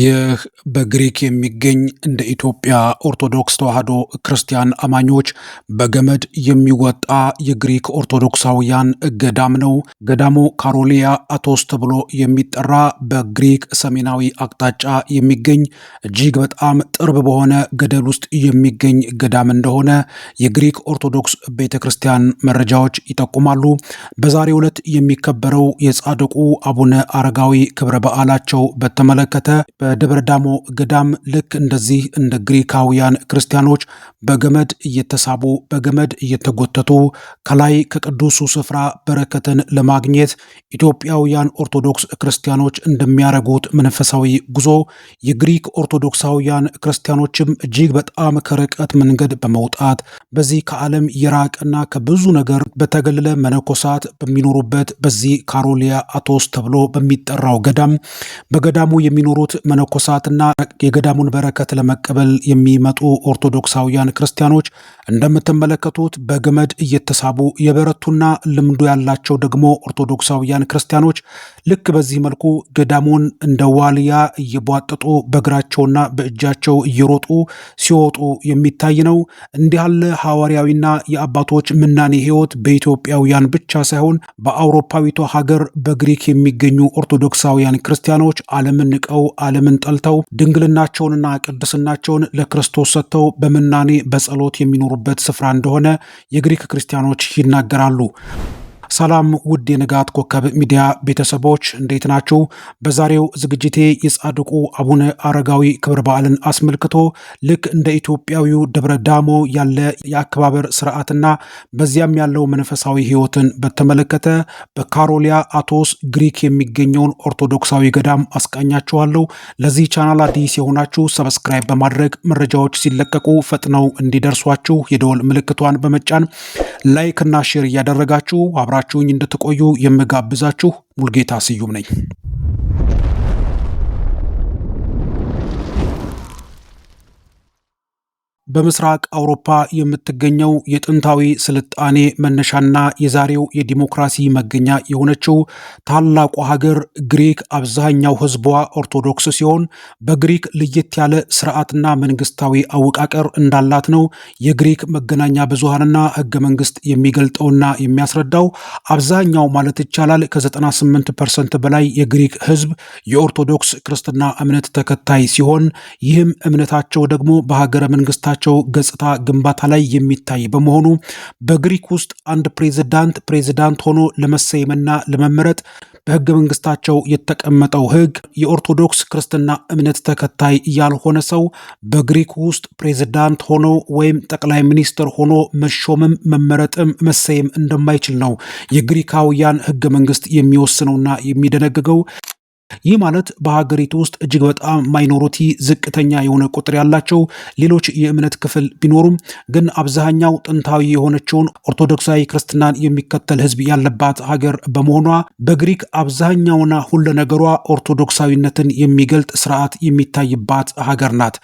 ይህ በግሪክ የሚገኝ እንደ ኢትዮጵያ ኦርቶዶክስ ተዋህዶ ክርስቲያን አማኞች በገመድ የሚወጣ የግሪክ ኦርቶዶክሳውያን ገዳም ነው። ገዳሙ ካሮሊያ አቶስ ተብሎ የሚጠራ በግሪክ ሰሜናዊ አቅጣጫ የሚገኝ እጅግ በጣም ጥርብ በሆነ ገደል ውስጥ የሚገኝ ገዳም እንደሆነ የግሪክ ኦርቶዶክስ ቤተ ክርስቲያን መረጃዎች ይጠቁማሉ። በዛሬው ዕለት የሚከበረው የጻድቁ አቡነ አረጋዊ ክብረ በዓላቸው በተመለከተ በደብረ ዳሞ ገዳም ልክ እንደዚህ እንደ ግሪካውያን ክርስቲያኖች በገመድ እየተሳቡ በገመድ እየተጎተቱ ከላይ ከቅዱሱ ስፍራ በረከትን ለማግኘት ኢትዮጵያውያን ኦርቶዶክስ ክርስቲያኖች እንደሚያደርጉት መንፈሳዊ ጉዞ የግሪክ ኦርቶዶክሳውያን ክርስቲያኖችም እጅግ በጣም ከርቀት መንገድ በመውጣት በዚህ ከዓለም የራቀና ከብዙ ነገር በተገለለ መነኮሳት በሚኖሩበት በዚህ ካሮሊያ አቶስ ተብሎ በሚጠራው ገዳም በገዳሙ የሚኖሩት መነኮሳትና የገዳሙን በረከት ለመቀበል የሚመጡ ኦርቶዶክሳውያን ክርስቲያኖች እንደምትመለከቱት በገመድ እየተሳቡ የበረቱና ልምዱ ያላቸው ደግሞ ኦርቶዶክሳውያን ክርስቲያኖች ልክ በዚህ መልኩ ገዳሙን እንደ ዋልያ እየቧጠጡ በእግራቸውና በእጃቸው እየሮጡ ሲወጡ የሚታይ ነው። እንዲህ ያለ ሐዋርያዊና የአባቶች ምናኔ ሕይወት በኢትዮጵያውያን ብቻ ሳይሆን በአውሮፓዊቷ ሀገር በግሪክ የሚገኙ ኦርቶዶክሳውያን ክርስቲያኖች ዓለምን ንቀው ዓለምን ጠልተው ድንግልናቸውንና ቅድስናቸውን ለክርስቶስ ሰጥተው በምናኔ በጸሎት የሚኖሩበት ስፍራ እንደሆነ የግሪክ ክርስቲያኖች ይናገራሉ። ሰላም ውድ የንጋት ኮከብ ሚዲያ ቤተሰቦች እንዴት ናችሁ? በዛሬው ዝግጅቴ የጻድቁ አቡነ አረጋዊ ክብረ በዓልን አስመልክቶ ልክ እንደ ኢትዮጵያዊው ደብረ ዳሞ ያለ የአከባበር ስርዓትና በዚያም ያለው መንፈሳዊ ሕይወትን በተመለከተ በካሮሊያ አቶስ ግሪክ የሚገኘውን ኦርቶዶክሳዊ ገዳም አስቃኛችኋለሁ። ለዚህ ቻናል አዲስ የሆናችሁ ሰብስክራይብ በማድረግ መረጃዎች ሲለቀቁ ፈጥነው እንዲደርሷችሁ የደወል ምልክቷን በመጫን ላይክና ሼር እያደረጋችሁ አብራ አብራችሁኝ እንድትቆዩ የምጋብዛችሁ ሙልጌታ ስዩም ነኝ። በምስራቅ አውሮፓ የምትገኘው የጥንታዊ ስልጣኔ መነሻና የዛሬው የዲሞክራሲ መገኛ የሆነችው ታላቁ ሀገር ግሪክ አብዛኛው ሕዝቧ ኦርቶዶክስ ሲሆን በግሪክ ለየት ያለ ስርዓትና መንግስታዊ አወቃቀር እንዳላት ነው የግሪክ መገናኛ ብዙሃንና ህገ መንግስት የሚገልጠውና የሚያስረዳው። አብዛኛው ማለት ይቻላል ከ98 ፐርሰንት በላይ የግሪክ ሕዝብ የኦርቶዶክስ ክርስትና እምነት ተከታይ ሲሆን ይህም እምነታቸው ደግሞ በሀገረ መንግስታቸው ያላቸው ገጽታ ግንባታ ላይ የሚታይ በመሆኑ በግሪክ ውስጥ አንድ ፕሬዝዳንት ፕሬዝዳንት ሆኖ ለመሰየምና ለመመረጥ በህገ መንግስታቸው የተቀመጠው ህግ የኦርቶዶክስ ክርስትና እምነት ተከታይ ያልሆነ ሰው በግሪክ ውስጥ ፕሬዝዳንት ሆኖ ወይም ጠቅላይ ሚኒስትር ሆኖ መሾምም መመረጥም መሰየም እንደማይችል ነው የግሪካውያን ህገ መንግስት የሚወስነውና የሚደነግገው። ይህ ማለት በሀገሪቱ ውስጥ እጅግ በጣም ማይኖሪቲ ዝቅተኛ የሆነ ቁጥር ያላቸው ሌሎች የእምነት ክፍል ቢኖሩም ግን አብዛኛው ጥንታዊ የሆነችውን ኦርቶዶክሳዊ ክርስትናን የሚከተል ሕዝብ ያለባት ሀገር በመሆኗ በግሪክ አብዛኛውና ሁለ ነገሯ ኦርቶዶክሳዊነትን የሚገልጥ ስርዓት የሚታይባት ሀገር ናት።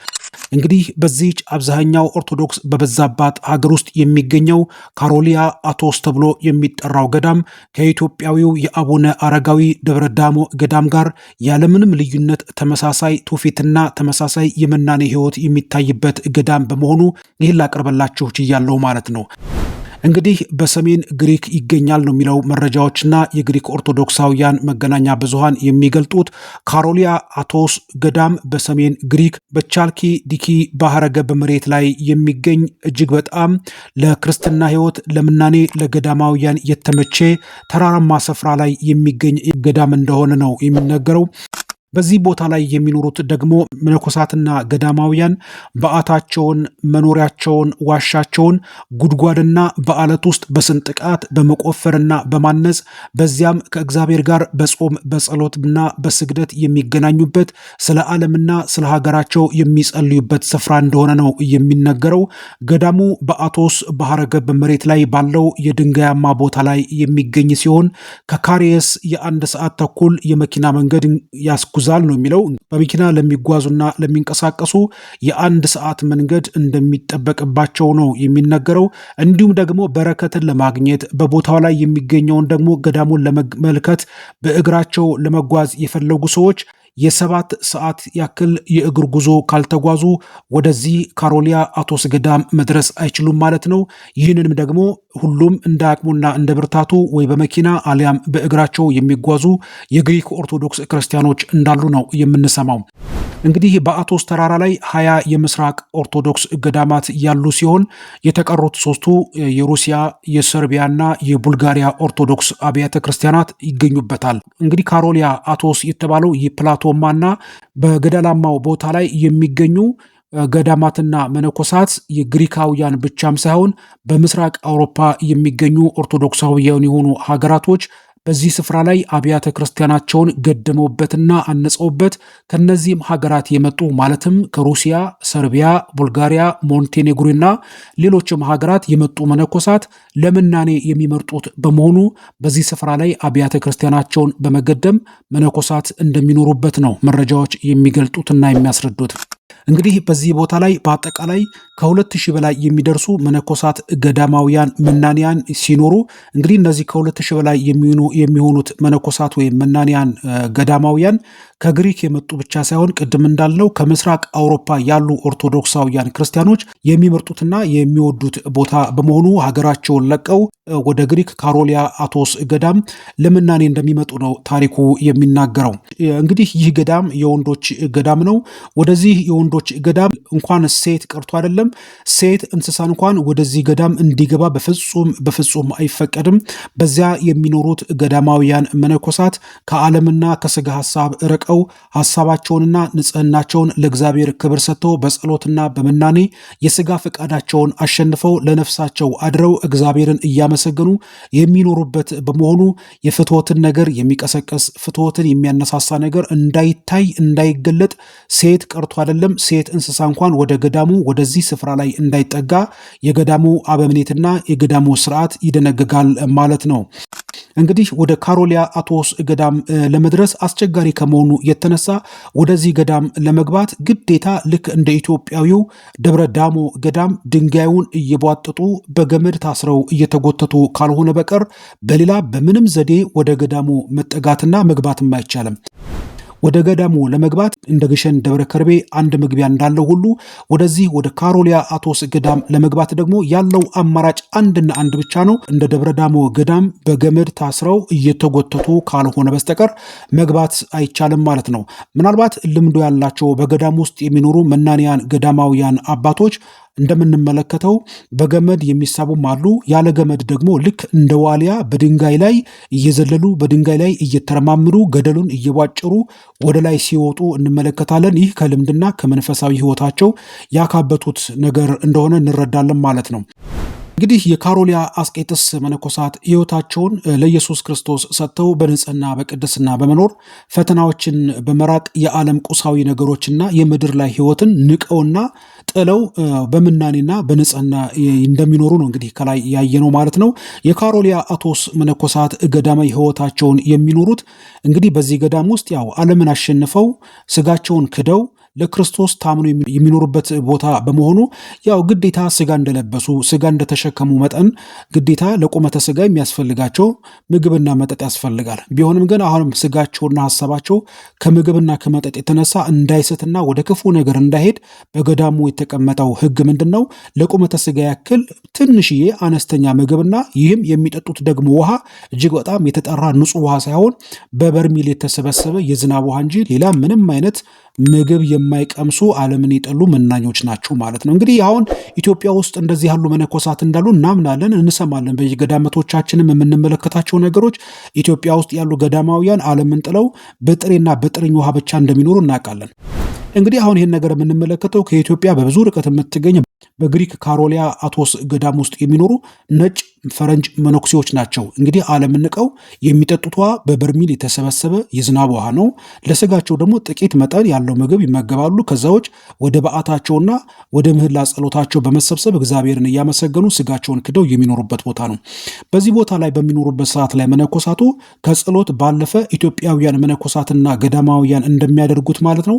እንግዲህ በዚች አብዛኛው ኦርቶዶክስ በበዛባት ሀገር ውስጥ የሚገኘው ካሮሊያ አቶስ ተብሎ የሚጠራው ገዳም ከኢትዮጵያዊው የአቡነ አረጋዊ ደብረ ዳሞ ገዳም ጋር ያለምንም ልዩነት ተመሳሳይ ትውፊትና ተመሳሳይ የመናኔ ሕይወት የሚታይበት ገዳም በመሆኑ ይህን ላቀርበላችሁ ችያለሁ ማለት ነው። እንግዲህ በሰሜን ግሪክ ይገኛል ነው የሚለው መረጃዎችና የግሪክ ኦርቶዶክሳውያን መገናኛ ብዙሃን የሚገልጡት ካሮሊያ አቶስ ገዳም በሰሜን ግሪክ በቻልኪ ዲኪ ባህረ ገብ መሬት ላይ የሚገኝ እጅግ በጣም ለክርስትና ሕይወት ለምናኔ ለገዳማውያን የተመቼ ተራራማ ስፍራ ላይ የሚገኝ ገዳም እንደሆነ ነው የሚነገረው። በዚህ ቦታ ላይ የሚኖሩት ደግሞ መነኮሳትና ገዳማውያን በዓታቸውን፣ መኖሪያቸውን፣ ዋሻቸውን ጉድጓድና በዓለት ውስጥ በስንጥቃት በመቆፈርና በማነጽ በዚያም ከእግዚአብሔር ጋር በጾም በጸሎትና በስግደት የሚገናኙበት ስለ ዓለምና ስለ ሀገራቸው የሚጸልዩበት ስፍራ እንደሆነ ነው የሚነገረው። ገዳሙ በአቶስ ባህረ ገብ መሬት ላይ ባለው የድንጋያማ ቦታ ላይ የሚገኝ ሲሆን ከካሪየስ የአንድ ሰዓት ተኩል የመኪና መንገድ ያስ ያግዛል ነው የሚለው። በመኪና ለሚጓዙና ለሚንቀሳቀሱ የአንድ ሰዓት መንገድ እንደሚጠበቅባቸው ነው የሚነገረው። እንዲሁም ደግሞ በረከትን ለማግኘት በቦታው ላይ የሚገኘውን ደግሞ ገዳሙን ለመመልከት በእግራቸው ለመጓዝ የፈለጉ ሰዎች የሰባት ሰዓት ያክል የእግር ጉዞ ካልተጓዙ ወደዚህ ካሮሊያ አቶ ስገዳም መድረስ አይችሉም ማለት ነው። ይህንንም ደግሞ ሁሉም እንደ አቅሙና እንደ ብርታቱ ወይ በመኪና አሊያም በእግራቸው የሚጓዙ የግሪክ ኦርቶዶክስ ክርስቲያኖች እንዳሉ ነው የምንሰማው። እንግዲህ በአቶስ ተራራ ላይ ሀያ የምስራቅ ኦርቶዶክስ ገዳማት ያሉ ሲሆን የተቀሩት ሶስቱ የሩሲያ የሰርቢያና የቡልጋሪያ ኦርቶዶክስ አብያተ ክርስቲያናት ይገኙበታል። እንግዲህ ካሮሊያ አቶስ የተባለው የፕላቶማና በገደላማው ቦታ ላይ የሚገኙ ገዳማትና መነኮሳት የግሪካውያን ብቻም ሳይሆን በምስራቅ አውሮፓ የሚገኙ ኦርቶዶክሳውያን የሆኑ ሀገራቶች በዚህ ስፍራ ላይ አብያተ ክርስቲያናቸውን ገድመውበትና አነጸውበት ከነዚህም ሀገራት የመጡ ማለትም ከሩሲያ፣ ሰርቢያ፣ ቡልጋሪያ፣ ሞንቴኔግሮና ሌሎችም ሀገራት የመጡ መነኮሳት ለምናኔ የሚመርጡት በመሆኑ በዚህ ስፍራ ላይ አብያተ ክርስቲያናቸውን በመገደም መነኮሳት እንደሚኖሩበት ነው መረጃዎች የሚገልጡትና የሚያስረዱት። እንግዲህ በዚህ ቦታ ላይ በአጠቃላይ ከሁለት ሺህ በላይ የሚደርሱ መነኮሳት ገዳማውያን መናንያን ሲኖሩ እንግዲህ እነዚህ ከሁለት ሺህ በላይ የሚሆኑት መነኮሳት ወይም መናንያን ገዳማውያን ከግሪክ የመጡ ብቻ ሳይሆን ቅድም እንዳልነው ከምስራቅ አውሮፓ ያሉ ኦርቶዶክሳውያን ክርስቲያኖች የሚመርጡትና የሚወዱት ቦታ በመሆኑ ሀገራቸውን ለቀው ወደ ግሪክ ካሮሊያ አቶስ ገዳም ለምናኔ እንደሚመጡ ነው ታሪኩ የሚናገረው። እንግዲህ ይህ ገዳም የወንዶች ገዳም ነው። ወደዚህ የወንዶች ገዳም እንኳን ሴት ቀርቶ አይደለም ሴት እንስሳ እንኳን ወደዚህ ገዳም እንዲገባ በፍጹም በፍጹም አይፈቀድም። በዚያ የሚኖሩት ገዳማውያን መነኮሳት ከዓለምና ከስጋ ሀሳብ ርቀው ተጠንቅቀው ሐሳባቸውንና ንጽህናቸውን ለእግዚአብሔር ክብር ሰጥተው በጸሎትና በምናኔ የሥጋ ፈቃዳቸውን አሸንፈው ለነፍሳቸው አድረው እግዚአብሔርን እያመሰገኑ የሚኖሩበት በመሆኑ የፍትወትን ነገር የሚቀሰቀስ ፍትወትን የሚያነሳሳ ነገር እንዳይታይ እንዳይገለጥ ሴት ቀርቶ አይደለም ሴት እንስሳ እንኳን ወደ ገዳሙ ወደዚህ ስፍራ ላይ እንዳይጠጋ የገዳሙ አበምኔትና የገዳሙ ስርዓት ይደነግጋል ማለት ነው። እንግዲህ ወደ ካሮሊያ አቶስ ገዳም ለመድረስ አስቸጋሪ ከመሆኑ የተነሳ ወደዚህ ገዳም ለመግባት ግዴታ ልክ እንደ ኢትዮጵያዊው ደብረ ዳሞ ገዳም ድንጋዩን እየቧጠጡ በገመድ ታስረው እየተጎተቱ ካልሆነ በቀር በሌላ በምንም ዘዴ ወደ ገዳሙ መጠጋትና መግባትም አይቻልም። ወደ ገዳሙ ለመግባት እንደ ግሸን ደብረ ከርቤ አንድ መግቢያ እንዳለው ሁሉ ወደዚህ ወደ ካሮሊያ አቶስ ገዳም ለመግባት ደግሞ ያለው አማራጭ አንድና አንድ ብቻ ነው። እንደ ደብረ ዳሞ ገዳም በገመድ ታስረው እየተጎተቱ ካልሆነ በስተቀር መግባት አይቻልም ማለት ነው። ምናልባት ልምዶ ያላቸው በገዳም ውስጥ የሚኖሩ መናንያን ገዳማውያን አባቶች እንደምንመለከተው በገመድ የሚሳቡም አሉ። ያለ ገመድ ደግሞ ልክ እንደ ዋሊያ በድንጋይ ላይ እየዘለሉ በድንጋይ ላይ እየተረማምሩ ገደሉን እየቧጭሩ ወደ ላይ ሲወጡ እንመለከታለን። ይህ ከልምድና ከመንፈሳዊ ሕይወታቸው ያካበቱት ነገር እንደሆነ እንረዳለን ማለት ነው። እንግዲህ የካሮሊያ አስቄጥስ መነኮሳት ሕይወታቸውን ለኢየሱስ ክርስቶስ ሰጥተው በንጽህና በቅድስና በመኖር ፈተናዎችን በመራቅ የዓለም ቁሳዊ ነገሮችና የምድር ላይ ሕይወትን ንቀውና ጥለው በምናኔና በንጽህና እንደሚኖሩ ነው እንግዲህ ከላይ ያየነው ማለት ነው። የካሮሊያ አቶስ መነኮሳት ገዳማዊ ሕይወታቸውን የሚኖሩት እንግዲህ በዚህ ገዳም ውስጥ ያው ዓለምን አሸንፈው ስጋቸውን ክደው ለክርስቶስ ታምኖ የሚኖሩበት ቦታ በመሆኑ ያው ግዴታ ስጋ እንደለበሱ ስጋ እንደተሸከሙ መጠን ግዴታ ለቁመተ ስጋ የሚያስፈልጋቸው ምግብና መጠጥ ያስፈልጋል። ቢሆንም ግን አሁንም ስጋቸውና ሀሳባቸው ከምግብና ከመጠጥ የተነሳ እንዳይሰትና ወደ ክፉ ነገር እንዳይሄድ በገዳሙ የተቀመጠው ሕግ ምንድን ነው? ለቁመተ ስጋ ያክል ትንሽዬ አነስተኛ ምግብና ይህም የሚጠጡት ደግሞ ውሃ እጅግ በጣም የተጠራ ንጹህ ውሃ ሳይሆን በበርሚል የተሰበሰበ የዝናብ ውሃ እንጂ ሌላ ምንም አይነት ምግብ የማይቀምሱ ዓለምን የጠሉ መናኞች ናቸው ማለት ነው። እንግዲህ አሁን ኢትዮጵያ ውስጥ እንደዚህ ያሉ መነኮሳት እንዳሉ እናምናለን፣ እንሰማለን። በየገዳመቶቻችንም የምንመለከታቸው ነገሮች ኢትዮጵያ ውስጥ ያሉ ገዳማውያን ዓለምን ጥለው በጥሬና በጥርኝ ውሃ ብቻ እንደሚኖሩ እናውቃለን። እንግዲህ አሁን ይህን ነገር የምንመለከተው ከኢትዮጵያ በብዙ ርቀት የምትገኝ በግሪክ ካሮሊያ አቶስ ገዳም ውስጥ የሚኖሩ ነጭ ፈረንጅ መነኩሴዎች ናቸው። እንግዲህ አለምንቀው የሚጠጡት ውሃ በበርሚል የተሰበሰበ የዝናብ ውሃ ነው። ለስጋቸው ደግሞ ጥቂት መጠን ያለው ምግብ ይመገባሉ። ከዛዎች ወደ በዓታቸውና ወደ ምህላ ጸሎታቸው በመሰብሰብ እግዚአብሔርን እያመሰገኑ ስጋቸውን ክደው የሚኖሩበት ቦታ ነው። በዚህ ቦታ ላይ በሚኖሩበት ሰዓት ላይ መነኮሳቱ ከጸሎት ባለፈ ኢትዮጵያውያን መነኮሳትና ገዳማውያን እንደሚያደርጉት ማለት ነው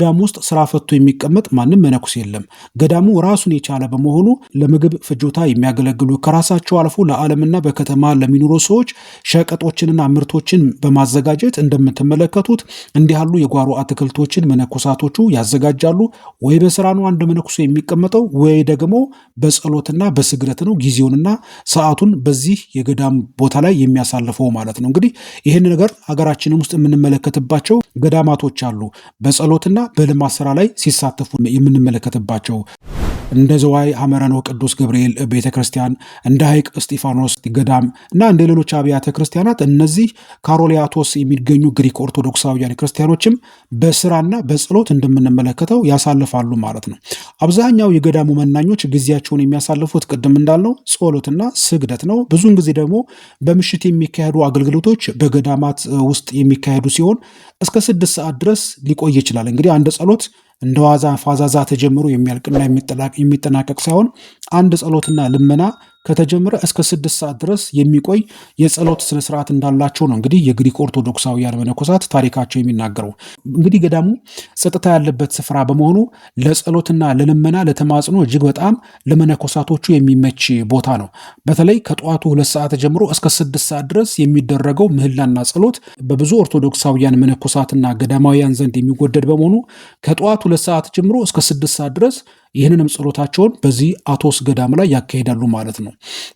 ገዳም ውስጥ ስራ ፈቶ የሚቀመጥ ማንም መነኩስ የለም። ገዳሙ ራሱን የቻለ በመሆኑ ለምግብ ፍጆታ የሚያገለግሉ ከራሳቸው አልፎ ለዓለምና በከተማ ለሚኖሩ ሰዎች ሸቀጦችንና ምርቶችን በማዘጋጀት እንደምትመለከቱት እንዲህ ያሉ የጓሮ አትክልቶችን መነኮሳቶቹ ያዘጋጃሉ። ወይ በስራ ነው አንድ መነኩሶ የሚቀመጠው፣ ወይ ደግሞ በጸሎትና በስግደት ነው ጊዜውንና ሰዓቱን በዚህ የገዳም ቦታ ላይ የሚያሳልፈው ማለት ነው። እንግዲህ ይህን ነገር ሀገራችንም ውስጥ የምንመለከትባቸው ገዳማቶች አሉ። በጸሎትና በልማት ስራ ላይ ሲሳተፉ የምንመለከትባቸው እንደ ዘዋይ አመረኖ ቅዱስ ገብርኤል ቤተ ክርስቲያን፣ እንደ ሐይቅ እስጢፋኖስ ገዳም እና እንደ ሌሎች አብያተ ክርስቲያናት እነዚህ ካሮሊያቶስ የሚገኙ ግሪክ ኦርቶዶክሳውያን ክርስቲያኖችም በስራና በጸሎት እንደምንመለከተው ያሳልፋሉ ማለት ነው። አብዛኛው የገዳሙ መናኞች ጊዜያቸውን የሚያሳልፉት ቅድም እንዳለው ጸሎትና ስግደት ነው። ብዙን ጊዜ ደግሞ በምሽት የሚካሄዱ አገልግሎቶች በገዳማት ውስጥ የሚካሄዱ ሲሆን እስከ ስድስት ሰዓት ድረስ ሊቆይ ይችላል። እንግዲህ አንድ ጸሎት እንደ ዋዛ ፋዛዛ ተጀምሮ የሚያልቅና የሚጠናቀቅ ሳይሆን አንድ ጸሎትና ልመና ከተጀመረ እስከ ስድስት ሰዓት ድረስ የሚቆይ የጸሎት ስነስርዓት እንዳላቸው ነው እንግዲህ የግሪክ ኦርቶዶክሳውያን መነኮሳት ታሪካቸው የሚናገረው። እንግዲህ ገዳሙ ጸጥታ ያለበት ስፍራ በመሆኑ ለጸሎትና ለልመና ለተማጽኖ እጅግ በጣም ለመነኮሳቶቹ የሚመች ቦታ ነው። በተለይ ከጠዋቱ ሁለት ሰዓት ጀምሮ እስከ ስድስት ሰዓት ድረስ የሚደረገው ምህላና ጸሎት በብዙ ኦርቶዶክሳውያን መነኮሳትና ገዳማውያን ዘንድ የሚወደድ በመሆኑ ከጠዋቱ ሁለት ሰዓት ጀምሮ እስከ ስድስት ሰዓት ድረስ ይህንንም ጸሎታቸውን በዚህ አቶስ ገዳም ላይ ያካሂዳሉ ማለት ነው።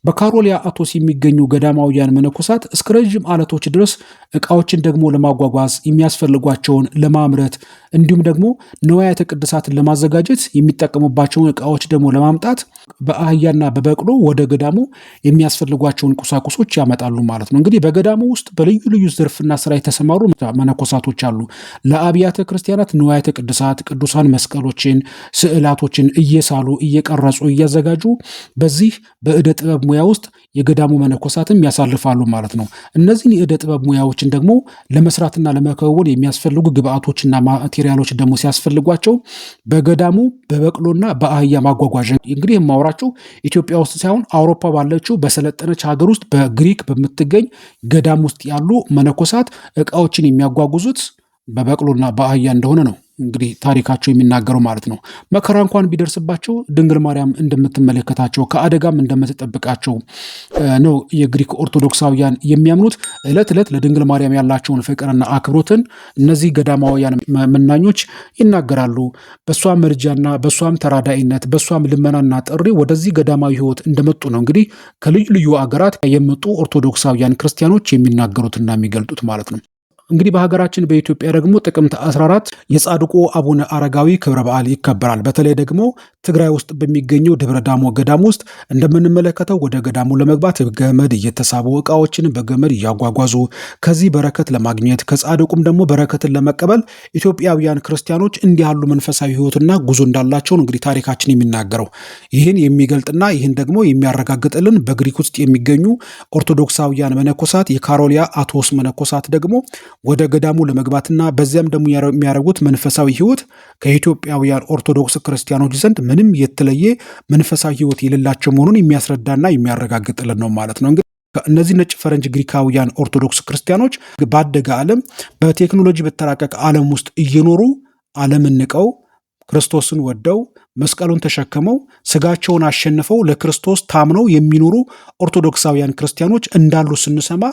በካሮሊያ አቶስ የሚገኙ ገዳማውያን መነኮሳት እስከ ረዥም አለቶች ድረስ እቃዎችን ደግሞ ለማጓጓዝ የሚያስፈልጓቸውን ለማምረት እንዲሁም ደግሞ ንዋያተ ቅድሳትን ለማዘጋጀት የሚጠቀሙባቸውን እቃዎች ደግሞ ለማምጣት በአህያና በበቅሎ ወደ ገዳሙ የሚያስፈልጓቸውን ቁሳቁሶች ያመጣሉ ማለት ነው። እንግዲህ በገዳሙ ውስጥ በልዩ ልዩ ዘርፍና ስራ የተሰማሩ መነኮሳቶች አሉ። ለአብያተ ክርስቲያናት ንዋያተ ቅድሳት፣ ቅዱሳን መስቀሎችን፣ ስዕላቶችን ስዕሎችን እየሳሉ እየቀረጹ እያዘጋጁ በዚህ በእደ ጥበብ ሙያ ውስጥ የገዳሙ መነኮሳትም ያሳልፋሉ ማለት ነው። እነዚህን የእደ ጥበብ ሙያዎችን ደግሞ ለመስራትና ለመከወን የሚያስፈልጉ ግብአቶችና ማቴሪያሎች ደግሞ ሲያስፈልጓቸው በገዳሙ በበቅሎና በአህያ ማጓጓዣ እንግዲህ የማወራችሁ ኢትዮጵያ ውስጥ ሳይሆን አውሮፓ ባለችው በሰለጠነች ሀገር ውስጥ በግሪክ በምትገኝ ገዳም ውስጥ ያሉ መነኮሳት እቃዎችን የሚያጓጉዙት በበቅሎና በአህያ እንደሆነ ነው። እንግዲህ ታሪካቸው የሚናገረው ማለት ነው። መከራ እንኳን ቢደርስባቸው ድንግል ማርያም እንደምትመለከታቸው ከአደጋም እንደምትጠብቃቸው ነው የግሪክ ኦርቶዶክሳውያን የሚያምኑት። ዕለት ዕለት ለድንግል ማርያም ያላቸውን ፍቅርና አክብሮትን እነዚህ ገዳማውያን መናኞች ይናገራሉ። በእሷም ምርጃና በእሷም ተራዳይነት በእሷም ልመናና ጥሪ ወደዚህ ገዳማዊ ሕይወት እንደመጡ ነው እንግዲህ ከልዩ ልዩ አገራት የመጡ ኦርቶዶክሳውያን ክርስቲያኖች የሚናገሩትና የሚገልጡት ማለት ነው። እንግዲህ በሀገራችን በኢትዮጵያ ደግሞ ጥቅምት 14 የጻድቁ አቡነ አረጋዊ ክብረ በዓል ይከበራል። በተለይ ደግሞ ትግራይ ውስጥ በሚገኘው ደብረ ዳሞ ገዳም ውስጥ እንደምንመለከተው ወደ ገዳሙ ለመግባት ገመድ እየተሳቡ እቃዎችን በገመድ እያጓጓዙ ከዚህ በረከት ለማግኘት ከጻድቁም ደግሞ በረከትን ለመቀበል ኢትዮጵያውያን ክርስቲያኖች እንዲህ ያሉ መንፈሳዊ ህይወትና ጉዞ እንዳላቸውን እንግዲህ ታሪካችን የሚናገረው ይህን የሚገልጥና ይህን ደግሞ የሚያረጋግጥልን በግሪክ ውስጥ የሚገኙ ኦርቶዶክሳውያን መነኮሳት የካሮሊያ አቶስ መነኮሳት ደግሞ ወደ ገዳሙ ለመግባትና በዚያም ደግሞ የሚያደርጉት መንፈሳዊ ህይወት ከኢትዮጵያውያን ኦርቶዶክስ ክርስቲያኖች ዘንድ ምንም የተለየ መንፈሳዊ ህይወት የሌላቸው መሆኑን የሚያስረዳና የሚያረጋግጥልን ነው ማለት ነው። እነዚህ ነጭ ፈረንጅ ግሪካውያን ኦርቶዶክስ ክርስቲያኖች ባደገ ዓለም በቴክኖሎጂ በተራቀቀ ዓለም ውስጥ እየኖሩ ዓለምን ንቀው ክርስቶስን ወደው መስቀሉን ተሸክመው ስጋቸውን አሸንፈው ለክርስቶስ ታምነው የሚኖሩ ኦርቶዶክሳውያን ክርስቲያኖች እንዳሉ ስንሰማ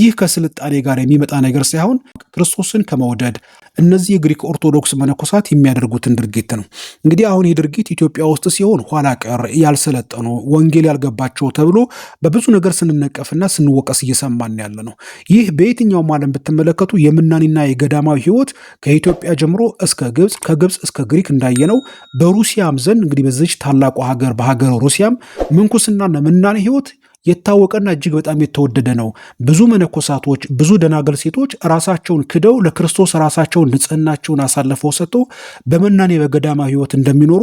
ይህ ከስልጣኔ ጋር የሚመጣ ነገር ሳይሆን ክርስቶስን ከመውደድ እነዚህ የግሪክ ኦርቶዶክስ መነኮሳት የሚያደርጉትን ድርጊት ነው። እንግዲህ አሁን ይህ ድርጊት ኢትዮጵያ ውስጥ ሲሆን ኋላ ቀር ያልሰለጠኑ ወንጌል ያልገባቸው ተብሎ በብዙ ነገር ስንነቀፍና ስንወቀስ እየሰማን ያለ ነው። ይህ በየትኛውም ዓለም ብትመለከቱ የምናኔና የገዳማዊ ህይወት ከኢትዮጵያ ጀምሮ እስከ ግብፅ፣ ከግብፅ እስከ ግሪክ እንዳየነው በሩሲያም ዘንድ እንግዲህ በዚች ታላቁ ሀገር በሀገር ሩሲያም ምንኩስናና ምናኔ ህይወት የታወቀና እጅግ በጣም የተወደደ ነው። ብዙ መነኮሳቶች፣ ብዙ ደናገል ሴቶች ራሳቸውን ክደው ለክርስቶስ ራሳቸውን ንጽህናቸውን አሳልፈው ሰጥተው በመናኔ በገዳማ ህይወት እንደሚኖሩ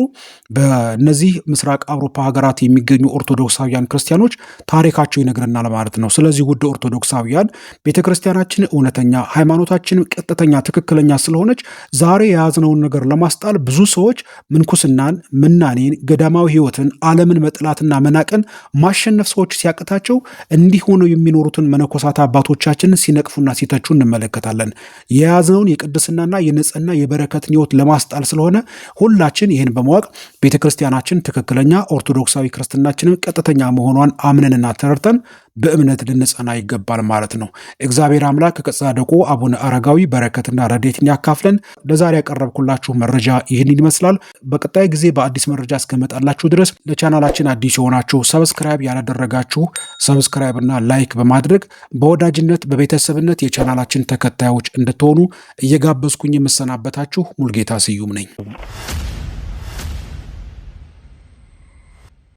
በእነዚህ ምስራቅ አውሮፓ ሀገራት የሚገኙ ኦርቶዶክሳውያን ክርስቲያኖች ታሪካቸው ይነግረናል ማለት ነው። ስለዚህ ውድ ኦርቶዶክሳውያን ቤተክርስቲያናችን እውነተኛ ሃይማኖታችን ቀጥተኛ ትክክለኛ ስለሆነች ዛሬ የያዝነውን ነገር ለማስጣል ብዙ ሰዎች ምንኩስናን፣ ምናኔን፣ ገዳማዊ ህይወትን ዓለምን መጥላትና መናቀን ማሸነፍ ሰዎች ሲያቅታቸው እንዲህ ሆነው የሚኖሩትን መነኮሳት አባቶቻችን ሲነቅፉና ሲተቹ እንመለከታለን። የያዝነውን የቅድስናና የንጽህና የበረከትን ህይወት ለማስጣል ስለሆነ ሁላችን ይህን በማወቅ ቤተ ክርስቲያናችን ትክክለኛ ኦርቶዶክሳዊ ክርስትናችንን ቀጥተኛ መሆኗን አምነንና ተረድተን በእምነት ልንጸና ይገባል ማለት ነው። እግዚአብሔር አምላክ ከጻድቁ አቡነ አረጋዊ በረከትና ረዴትን ያካፍለን። ለዛሬ ያቀረብኩላችሁ መረጃ ይህንን ይመስላል። በቀጣይ ጊዜ በአዲስ መረጃ እስከመጣላችሁ ድረስ ለቻናላችን አዲስ የሆናችሁ ሰብስክራይብ ያላደረጋችሁ ሰብስክራይብ እና ላይክ በማድረግ በወዳጅነት በቤተሰብነት የቻናላችን ተከታዮች እንድትሆኑ እየጋበዝኩኝ የምሰናበታችሁ ሙልጌታ ስዩም ነኝ።